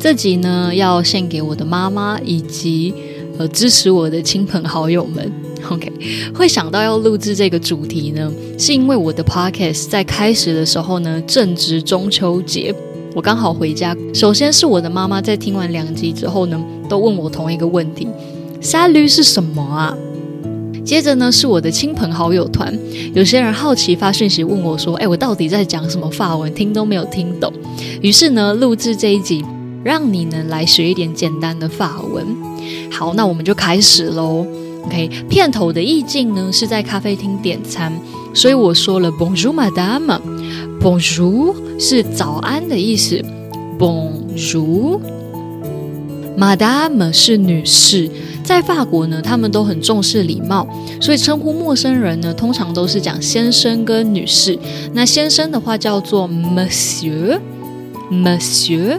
這集呢，要獻給我的媽媽以及呃支持我的親朋好友們。OK，會想到要錄製這個主題呢，是因為我的 podcast 在開始的時候呢，正值中秋節，我剛好回家。首先是我的媽媽，在聽完兩集之後呢，都問我同一個問題：“Salut 是什麼啊？”接着呢，是我的親朋好友團，有些人好奇發訊息問我說：“哎，我到底在講什麼法文？聽都沒有聽懂。”於是呢，錄製這一集。讓你呢來學一點簡單的法文。好，那我們就開始嘍。OK，片頭的意境呢是在咖啡廳點餐，所以我說了 “Bonjour Madame”。Bonjour 是早安的意思。Bonjour Madame 是女士。在法國呢，他們都很重視禮貌，所以稱呼陌生人呢，通常都是講先生跟女士。那先生的話叫做 Monsieur，Monsieur Monsieur。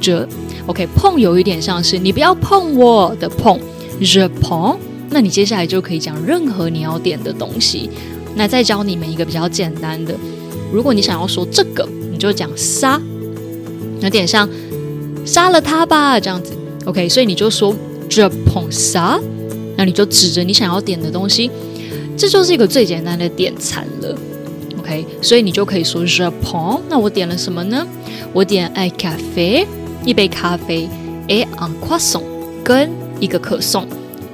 Je, OK, 碰有一點像是你不要碰我的碰，Je prends，那你接下來就可以講任何你要點的東西。那再教你們一個比較簡單的，如果你想要說這個，你就講殺，有點像殺了他吧這樣子。OK，所以你就說 Je prends ça，那你就指着你想要點的東西，這就是一個最簡單的點餐了。OK，所以你就可以說 Je prends。那我點了什麼呢？我點愛咖啡。一杯咖啡，一個可頌。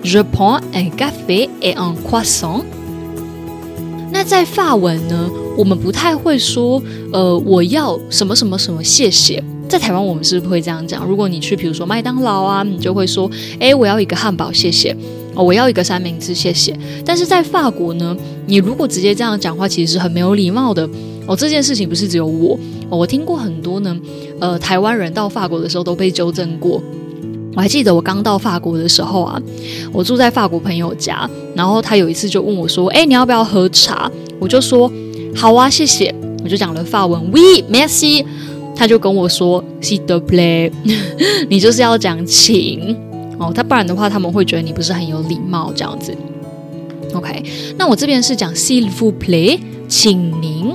Je prends un café et un croissant。那在法文呢？我們不太會說，呃，我要什麼什麼什麼，謝謝。在台灣我們是不是會這樣講？如果你去，比如說麥當勞啊，你就會說，哎、欸，我要一個漢堡，謝謝。我要一個三明治，謝謝。但是在法國呢，你如果直接這樣講話，其實是很沒有禮貌的。哦，這件事情不是只有我，我聽過很多呢。呃，台灣人到法國，的時候都被糾正過。我還記得我剛到法國的時候啊，我住在法國朋友家，然後他有一次就問我說：“哎，你要不要喝茶？”我就說：“好啊，謝謝。”我就講了法文 “Oui, merci”，他就跟我說 “s'il vous plaît”，你就是要講請哦。他不然的話，他們會覺得你不是很有禮貌這樣子。OK，那我這邊是講 “s'il vous plaît”，請您，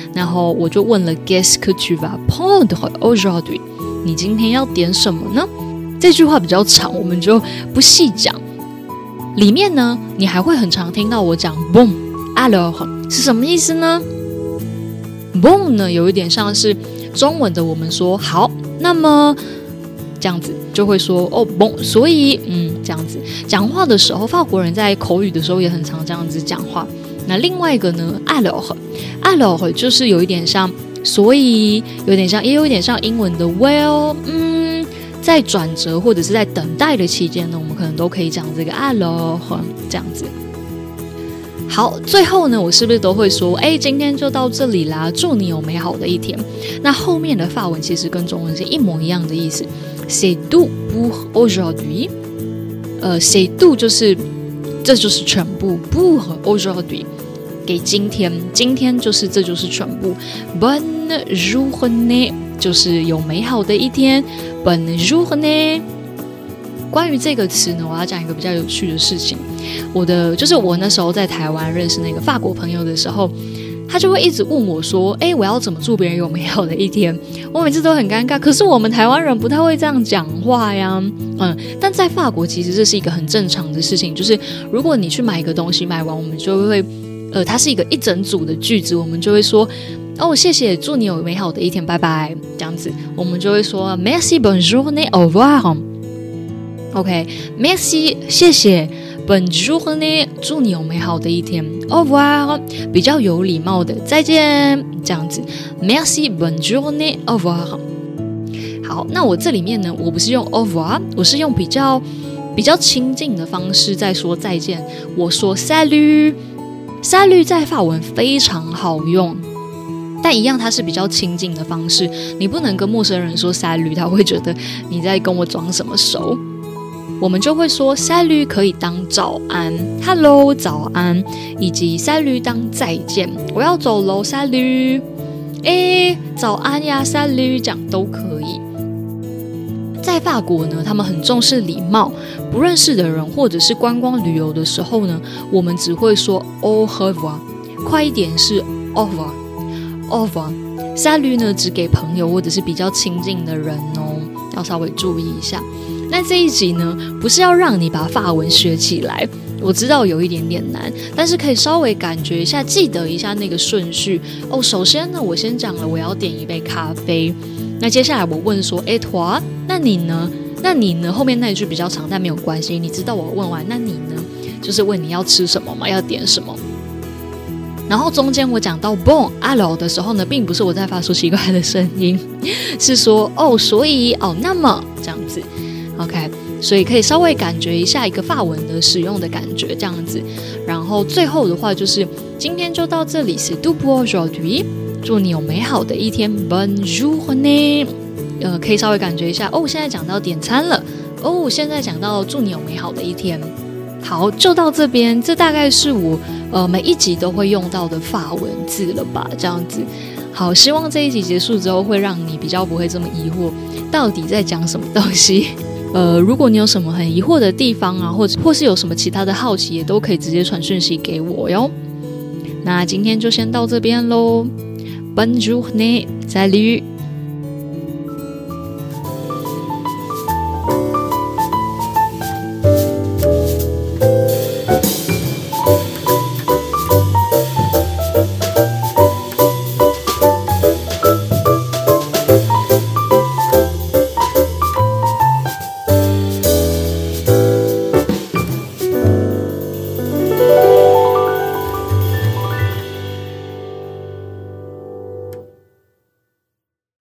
然後我就問了 "Qu'est-ce que tu vas prendre aujourd'hui ?你今天要點什麼呢？"這句話比較長，我們就不細講。裡面呢，你還會很常聽到我講 bon，allô 是什麼意思呢？bon 呢，有一點像是中文的，我們說好，那麼這樣子就會說哦 bon 所以嗯，這樣子講話的時候，法國人在口語的時候也很常這樣子講話。那另外一個呢 alors，alors 就是有一點像，所以有點像，也有一點像英文的 well，嗯，在轉折或者是在等待的期間呢，我們可能都可以講這個 alors 這樣子。好，最後呢，我是不是都會說，哎、欸，今天就到這裡啦，祝你有美好的一天。那後面的法文其實跟中文是一模一樣的意思，c'est tout pour aujourd'hui，呃 c'est tout 就是。這就是全部。pour aujourd'hui 給今天，今天就是這就是全部。Bonne journée，就是有美好的一天。Bonne journée。關於這個詞呢，我要講一個比較有趣的事情。我的就是我那時候在台灣認識那個法國朋友的時候，他就會一直問我說：“欸、我要怎麼祝別人有美好的一天？”我每次都很尷尬。可是我們台灣人不太會這樣講話呀，嗯。但在法國，其實這是一個很正常的事情。就是如果你去買一個東西，買完我們就會，呃，它是一個一整組的句子，我們就會說：“哦，謝謝，祝你有美好的一天，拜拜。”這樣子，我們就會說 “Merci, bonne journée, au revoir”。OK，Merci，okay, 謝謝。Bonne journée, 祝你有美好的一天。Au revoir，比較有禮貌的再見，這樣子。Merci，Bonne journée，Au revoir。好，那我這裡面呢，我不是用 au revoir，我是用比較比較親近的方式在說再見。我說 Salut，Salut salut 在法文非常好用，但一樣它是比較親近的方式。你不能跟陌生人說 Salut，他會覺得你在跟我裝什麼熟。我們就會說 “Salut” 可以當早安，Hello，早安，以及 “Salut” 當再見。我要走嘍，Salut。哎、欸，早安呀，Salut，這樣都可以。在法國呢，他們很重視禮貌，不認識的人或者是觀光旅遊的時候呢，我們只會說 Au revoir，快一點是 Au revoir，Au revoir。Salut 呢，只給朋友或者是比較親近的人哦，要稍微注意一下。那這一集呢，不是要讓你把法文學起來，我知道有一點點難，但是可以稍微感覺一下，記得一下那個順序哦。首先呢，我先講了，我要點一杯咖啡。那接下來我問說，哎、欸，toi，那你呢？那你呢？後面那一句比較長，但沒有關係。你知道我問完，那你呢？就是問你要吃什麼嗎？要點什麼？然後中間我講到 bon alors 的時候呢，並不是我在發出奇怪的聲音，是說哦，所以哦，那麼這樣子。OK，所以可以稍微感覺一下一個法文的使用的感覺，這樣子，然後最後的話就是今天就到這裡，c'est tout pour aujourd'hui。祝你有美好的一天，bonne journée 呃，可以稍微感覺一下哦。現在講到點餐了哦，現在講到祝你有美好的一天。好，就到這邊，這大概是我呃每一集都會用到的法文字了吧，這樣子。好，希望這一集結束之後會讓你比較不會這麼疑惑，到底在講什麼東西。呃，如果你有什麼很疑惑的地方啊，或者或是有什麼其他的好奇，也都可以直接傳訊息給我喲。那今天就先到這邊嘍，Bonne journée, salut。